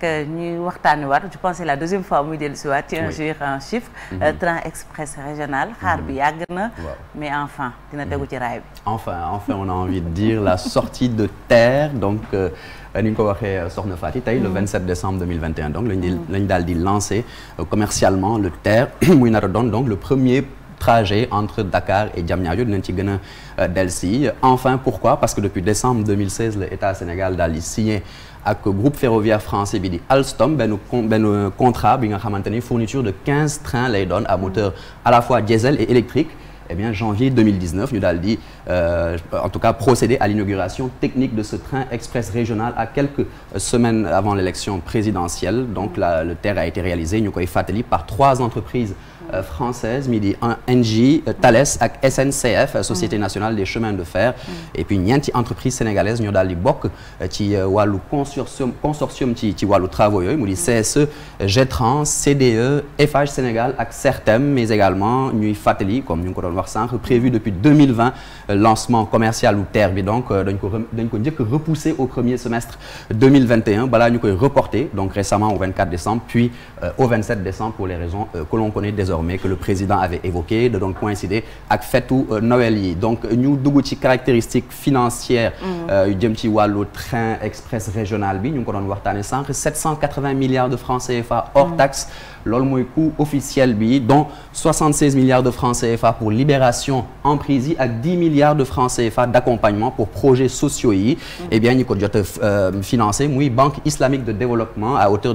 que euh, ñuy waxtaani waat je pense c'est la deuxième fois muy dellu si waat ci un jour un mhm. euh, bi mhm. yàgg na mais enfin dina tegu mhm. ci raay bi enfin a envie de dire la sortie de terre donc euh, ni ñu ko waxee Soxna Fati tey le 27 décembre 2021 donc lañ di daal di lancer commercialement le terre nar doon donc le premier trajet entre Dakar et Diamniadio dinañ ci gën a euh, dellusi enfin pourquoi parce que depuis décembre 2016 le état Sénégal daal di signé ak groupe bi di Alstom benn benn contrat bi nga xamante ni fourniture de 15 trains lay doon à à la fois diesel et électrique eh daal di euh, en tout cas procéder à l'inauguration technique de ce train express régional à quelques euh, semaines avant donc la, le TER a ñu koy fàttali par trois entreprises Euh, française mi di ENGIE euh, Thales ak SNCF euh, Société mm. nationale des chemins de fer mm. et puis ñeenti entreprise ñoo daal di bokk ci wàllu consortium consortium ci ci wàllu travaux yooyu mu di CSE GETRAN CDE Eiffage Sénégal ak CERTEM mais également ñuy fàttali comme ko doon wax sànq prévu depuis 2020 lancement commercial ou terre bi ko dañ ko njëkk repoussé au premier semestre 2021 balaa ñu koy reporté donc désormais que le président avait évoqué da doon coïncider ak fetu euh, Noël mm. euh, bi ñu ngi ko doon waxtaane sànq 780 milliards de francs CFA hors mm. taxe loolu mooy coût bi dont 76 milliards de francs CFA pour libération en prise yi ak 10 de francs CFA d'accompagnement pour projets sociaux yi mm. eh bien ñi ko jot a euh, financé muy Banque islamique de développement à hauteur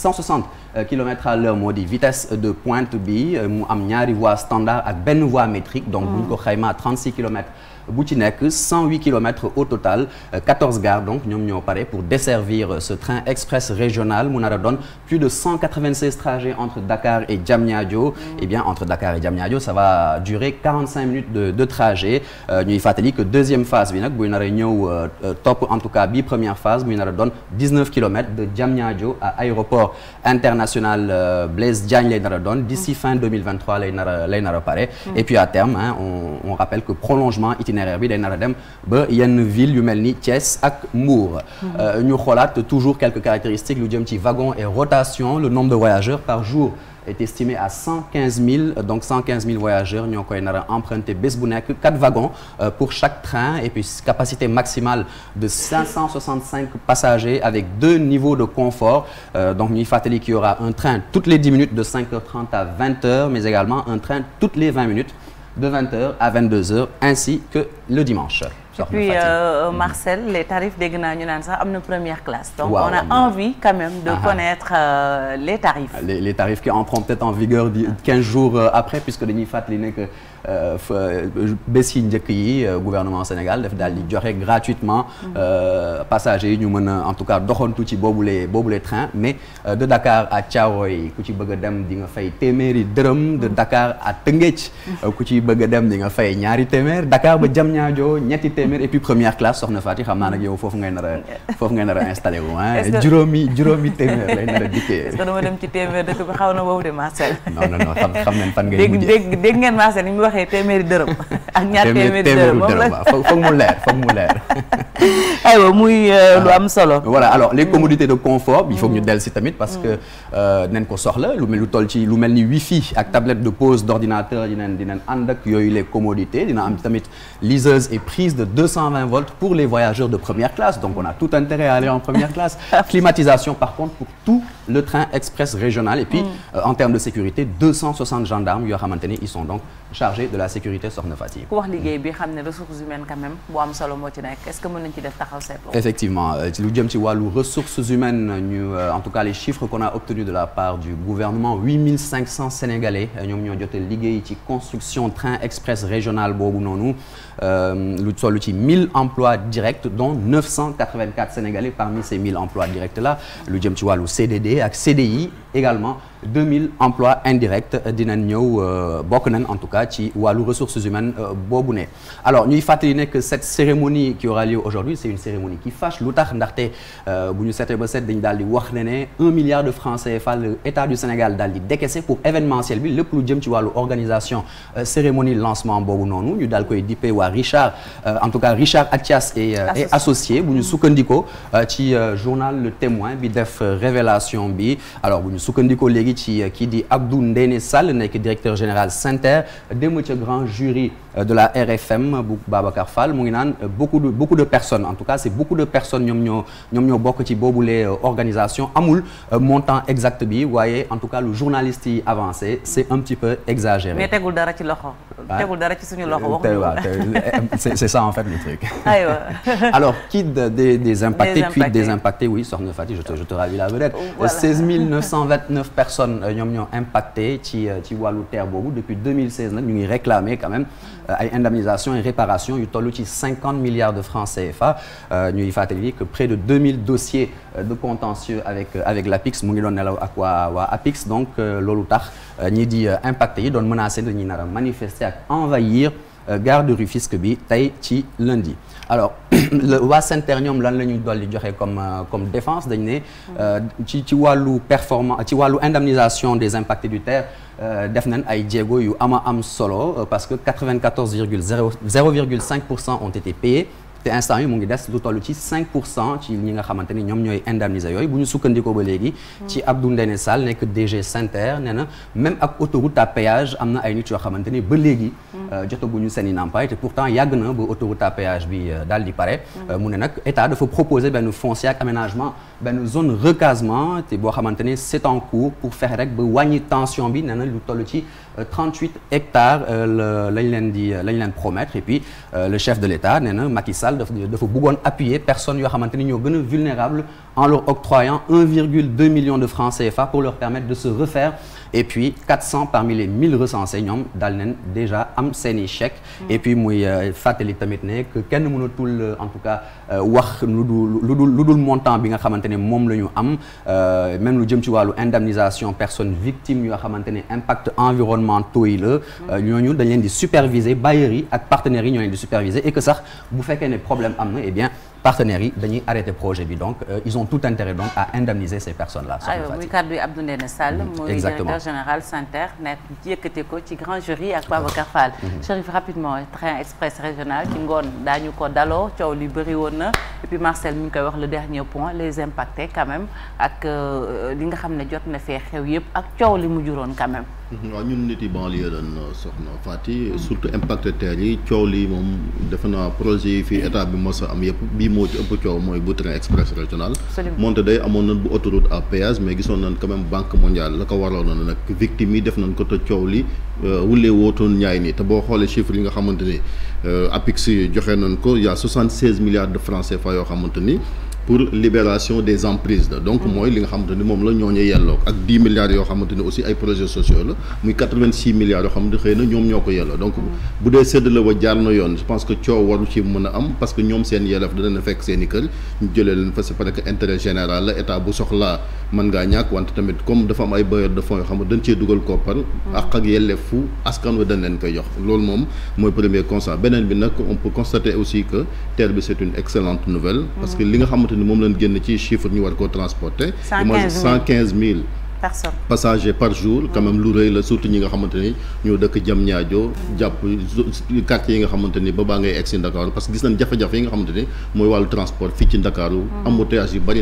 160 euh, kilomètres à l'heure moo di vitesse de pointe bi euh, mu am ñaari voie standard ak benn voie métrique donc xayma à 36 kilomètres bu ci nekk 108 kilomètres au total 14 euh, gares donc ñoom ñoo pare pour desservir euh, ce train express régional mu nar a doon plus de 196 trajets entre Dakar et Diamniadio et eh bien entre Dakar et Diamniadio ça va durer 45 minutes de de trajet euh, ñuy fàttali que deuxième phase bi nag buy nar a ñëw topp en tout cas bi première phase muy nar doon 19 kilomètres de Diamniadio à a doon d'ici fin 2023 lay nar a lay nar a pare et puis à terme hein, on on rappelle que prolongement itinéraire bi day dem ba yenn ville mel ni Thiès ak Mbour euh, ñu toujours quelques caractéristiques lu jëm ci wagon et rotation le nombre de voyageurs par jour est estimé à 115 000 donc 115 000 voyageurs ñoo koy nar a emprunté bés bu nekk 4 wagons euh, pour chaque train et puis capacité maximale de 565 passagers avec deux de confort euh, donc ñuy fàttali qu'il y aura un train toutes les 10 de 5h30 à de 20h à 22h ainsi le dimanche. Et puis euh, mm. Marcel les tarifs dégg naa ñu naan sax am na première classe. donc wow, on a wow. envie quand même de ah connaître euh, les tarifs. Ah, les les tarifs qui entreront peut-être en vigueur di 15 jours euh, après puisque dañuy fàttali ne que euh, euh, bés yi njëkk yi gouvernement Sénégal daf daal di joxe gratuitement. Mm-hmm. passagers yi ñu mën a en tout cas doxantu ci boobule boobule train mais de Dakar à Thiaroye ku ci bëgg a dem di nga fay téeméeri dërëm de mm-hmm. Dakar à Tëngéej mm-hmm. ku ci bëgg a dem di nga fay ñaari téeméer Dakar ba Diamniadio ñetti téeméer et puis première classe soxna Fatick xam naa nag yow foofu ngay nar a ngay nar a installé wu juróomi juróomi téeméer lay nar a dikkee. est-ce que dama dem ci téeméer dëkk bi xaw na boobu de Marcel. non non non xam xam fan ngay mujjee dégg ngeen Marcel ni mu waxee téeméeri dërëm. ak ñaar téeméeri dërëm mu leer foog mu leer. aywa muy euh, lu am solo. Mm. Mm. si tamit parce mm. que dinañ euh, ko soxla lu mel lu toll ci lu mel ni wifi ak tablette de pause d'ordinateur dinañ dinañ ànd ak yooyu les dina am tamit liseuse et prise de 220 volts pour les voyageurs de première classe donc on a tout intérêt à aller en première classe climatisation par contre pour tout. le train express régional et puis mm. euh, en termes de sécurité 260 yoo xamante ni ils sont donc chargés de la sécurité soxna Faty yi ku wax liggéey bi xam ne ressources euh, wàllu ressources euh, tout cas les chiffres qu'on a obtenus de la part du gouvernement 8500 sénégalais euh, ñoom ñoo jotee liggéey ci construction train express régional boobu noonu lu tollu ci 1000 emplois directs dont 984 sénégalais parmi ces 1000 emplois directs là lu jëm ci ak CDI également mille emplois indirects euh, dinañ ñëw euh, bokk nañ en tout cas ci wàllu ressources humaines euh, boobu ne alors ñuy fàttali ne que cette cérémonie qui aura lieu aujourd'hui c'est une cérémonie qui fâche lu tax ndaxte bu ñu seetee ba seet dañu daal di wax ne ne un milliard de francs CFA le état du Sénégal daal di décaissé pour événementiel bi lépp lu jëm ci wàllu organisation cérémonie lancement boobu noonu ñu daal koy dippe waa Richard en tout cas Richard Atias et associé bu ñu sukkandikoo ci journal Le Témoin bi def révélation bi alors bu léegi ngi ci kii di Abdou Ndéné Sall nekk directeur général Sinter ca grand jury euh, de la RFM bu Babacar Fall mu ngi naan euh, beaucoup de beaucoup de personnes en tout cas euh, bi waaye en tout cas lu journaliste yi avancé c'est un petit peu exagéré. mais tegul dara ci loxo. tegul dara ci suñu loxo waxuñu c'est c'est ça en des des impactés qui des impactés oui soxna personnes euh, ñoom ñoo impacté ci euh, ci wàllu terre boobu depuis 2016 nag ñu ngi réclamer quand même euh, ay indemnisation et réparation yu toll ci 50 milliards de francs CFA ñuy fàttali que près de 2000 dossiers de contentieux avec avec l'APIX mu ngi doon nelaw ak waa waa APIX donc loolu tax ñi di impacté yi doon menacé dañuy nar a manifester ak envahir Euh, gare de Rufisque bi tey ci lundi alors waa SENTER ñoom lan la ñuy dolli joxe comme euh, comme défense dañ ne euh, ci ci wàllu performance ci wàllu indemnisation des impactés du terre def nañ ay jéego yu ama am solo parce que 94 virgule 0 0,5 pour cent ont été payés te instant yi mu ngi des lu toll ci 5 cent ci ñi nga xamante ni ñoom ñooy indemniser yooyu bu ñu sukkandikoo ba léegi ci hmm. Abdou Ndene Sall nekk DG Sen'Ter nee na même ak autoroute à péage am na ay nit yoo xamante ni ba léegi hmm. euh, jotaguñu seen i nampaay te pourtant yàgg na ba autoroute à péage bi euh, daal di pare hmm. euh, mu ne nag état dafa proposer benn foncier ak aménagement benn zone recasement te boo xamante ni c'est en cours pour fexe rek ba wàññi tension bi nee na lu toll ci 38 hectares lañ leen di lañ leen promettre et le chef de l'État nee na Sall dafa dafa bëggoon appuyer personnes yoo xamante ni ñoo gën a vulnérables en leur octroyant 1,2 million de francs CFA pour leur permettre de se refaire et puis 400 parmi les 1000 recensés ñoom daal nañ déjà am seeni chèque mm. et puis muy euh, fàttali tamit ne que kenn mënatul euh, en tout ca euh, wax lu dul lu dul lu dul montant bi nga xamante ne moom la ñu am même lu jëm ci wàllu indemnisation personnes victimes yoo xamante ne impact environnementaux le la mm. ñooñu dañ leen di superviser bailleurs yi ak partenaires yi ñoo leen di superviser et que sax bu fekkee ne problème am na eh bien partenaires yi dañuy arrêter projet bi donc ils ont tout intérêt donc à indemniser ces secrétaire général SONTER nekk yëkkati ko ci grand jury ak Babacar Fall. Chérif mhm. mhm. rapidement train express régional ci ngoon daañu ko daloo coow li bëri woon na et puis Marcel mi ngi koy wax le dernier point les impactés quand même ak euh, li nga xam ne jot na fee xew yëpp ak coow li mu juróon quand Mhm. waaw ñun nit yi banlieue lan soxna Fati surtout impact terre yi coow lii moom defe projet yi fii état bi mos a am yëpp bii moo ci ëpp coow mooy bu train express régional moonte day amoon nañ bu autoroute à péage mais gisoon nañ quand banque mondiale la ko waroon na nag victime yi def nañ ko te coow li euh, wulee wootoon ñaay nii te boo xoolee chiffres yi nga xamante ni euh, APIX joxe nañ ko y'a soixante seize milliards de francs CFA yoo xamante ni pour libération des emprises la donc mm-hmm. mooy li nga xamante ni moom la ñooñu yelloo ak 10 milliards yoo xamante ni aussi ay projets sociaux la muy 86 milliards yoo xamante xëy ñoom ñoo ko yelloo donc mm-hmm. bu dee sédd la wa jaar na yoon je pense que coow waru ci mën a am parce que ñoom seen yelleef dana fekk seen i kër ñu jëlee leen fa c'est parce que intérêt général la état bu soxlaa mën ngaa ñàkk wante tamit comme dafa am ay bailleurs de fonds yoo xam mm-hmm. dañ leen koy jox loolu moom mooy on peut constater bi c'est une excellente nouvelle parce que li nga xamante xamante ni moom lañ génn ci chiffre ñu war koo transporter. cent quinze mille personnes passagers par jour quand même lu rëy la surtout ñi nga xamante ni ñoo dëkk Diamniadio jàpp quartier yi nga xamante ni ba baa ngay egg si Dakar parce que gis nañ jafe-jafe yi nga xamante ni mooy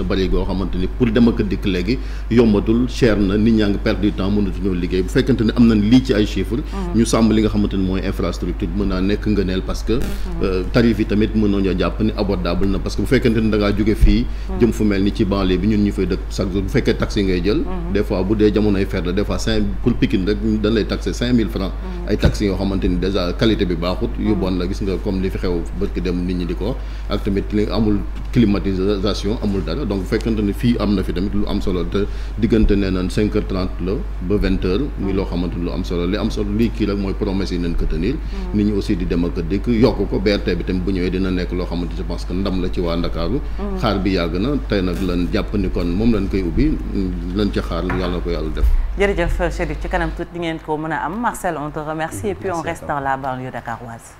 mm. pour dem ak dikk léegi yombatul cher na nit ñaa ngi bu fekkante ne am nañ lii ci ay chiffres mm. ñu sàmm li nga xamante ni mooy infrastructure mën naa nekk ngëneel parce que mm. euh, tarif yi tamit mën nañoo jàpp ni abordable na parce bu fekkee taxi ngay jël des fois bu dee jamonoy fer la des cinq mille francs mm. ay taxes yoo xamante ni déjà qualité bi baaxut yu mm. la gis nga comme li fi xew bërki dem nit ñi di ko ak tamit amul climatisation amul dara donc fekkante mm. nit ñi di dem ak dikk yokk ko BRT bi tamit bu ñëwee dina nekk loo xamante je ndam la ci waa Ndakaaru xaar bi yàgg na tey nag lan jàpp ni kon moom lañ koy ubbi lañ ci xaar yàlla na ko yàlla def. jërëjëf Chérif ci kanam tuuti di ngeen ko mën a am Marcel on te remercie et puis on reste dans la banlieue dakaroise.